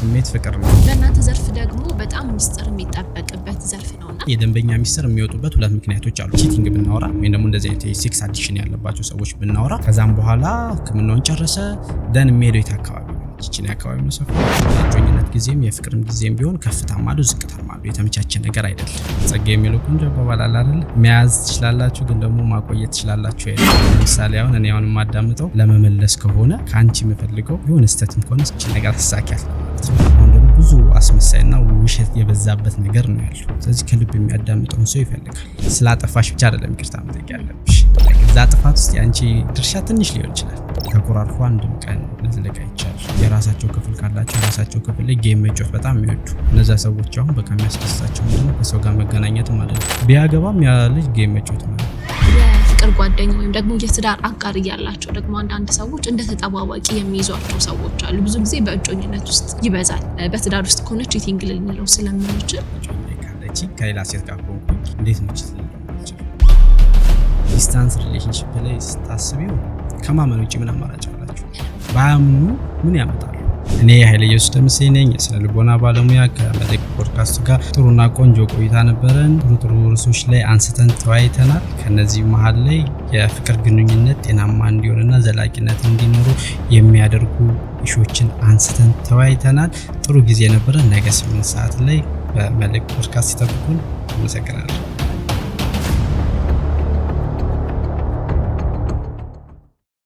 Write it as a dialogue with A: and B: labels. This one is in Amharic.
A: ስሜት ፍቅር ነው።
B: በእናንተ ዘርፍ ደግሞ በጣም ሚስጥር የሚጠበቅበት ዘርፍ ነውና
A: የደንበኛ ሚስጥር የሚወጡበት ሁለት ምክንያቶች አሉ። ቺቲንግ ብናወራ ወይም ደግሞ እንደዚህ አይነት የሴክስ አዲክሽን ያለባቸው ሰዎች ብናወራ ከዛም በኋላ ህክምናውን ጨረሰ ደን የሚሄደው የት አካባቢ ይችን አካባቢ መሰፍ ጮኝነት ጊዜም የፍቅርም ጊዜም ቢሆን ከፍታም አሉ ዝቅታም አሉ። የተመቻቸ ነገር አይደለም። ጸጋ የሚሉ ቁንጆ አባባል አለ አይደል? መያዝ ትችላላችሁ፣ ግን ደግሞ ማቆየት ትችላላችሁ። ለምሳሌ አሁን እኔ አሁን የማዳምጠው ለመመለስ ከሆነ ከአንቺ የምፈልገው ቢሆን ስህተትም ከሆነ ይችን ነገር ትሳኪያል ማለት ነው። ብዙ አስመሳይና ውሸት የበዛበት ነገር ነው ያለው። ስለዚህ ከልብ የሚያዳምጠውን ሰው ይፈልጋል። ስላጠፋሽ ብቻ አይደለም ይቅርታ መጠየቅ ያለብሽ። እዛ ጥፋት ውስጥ የአንቺ ድርሻ ትንሽ ሊሆን ይችላል። ተቆራርፎ አንድም ቀን አይነት ልቃ ይቻላል። የራሳቸው ክፍል ካላቸው የራሳቸው ክፍል ላይ ጌም መጫወት በጣም የሚወዱ እነዛ ሰዎች አሁን በቃ የሚያስደስታቸው ምንድን ከሰው ጋር መገናኘት ማለት ነው። ቢያገባም ያ ልጅ ጌም መጫወት ማለት ነው።
B: የፍቅር ጓደኛ ወይም ደግሞ የትዳር አጋር እያላቸው ደግሞ አንዳንድ ሰዎች እንደ ተጠባባቂ የሚይዟቸው ሰዎች አሉ። ብዙ ጊዜ በእጮኝነት ውስጥ ይበዛል። በትዳር ውስጥ ከሆነ ቺቲንግ ልንለው ስለምንችል
A: ከሌላ ሴት ጋር ከሆንኩኝ እንዴት ነው ዲስታንስ ሪሌሽንሽፕ ላይ ስታስቢው ከማመን ውጭ ምን አማራጭ አለ? ባያምኑ ምን ያመጣል? እኔ የኃይለ ኢየሱስ ደምሴ ነኝ፣ የስነ ልቦና ባለሙያ። ከመድረክ ፖድካስቱ ጋር ጥሩና ቆንጆ ቆይታ ነበረን። ጥሩ ጥሩ ርዕሶች ላይ አንስተን ተወያይተናል። ከነዚህ መሀል ላይ የፍቅር ግንኙነት ጤናማ እንዲሆንና ዘላቂነት እንዲኖሩ የሚያደርጉ እሾችን አንስተን ተወያይተናል። ጥሩ ጊዜ ነበረ። ነገ ስምንት ሰዓት ላይ በመድረክ ፖድካስት ይጠብቁን። አመሰግናለሁ።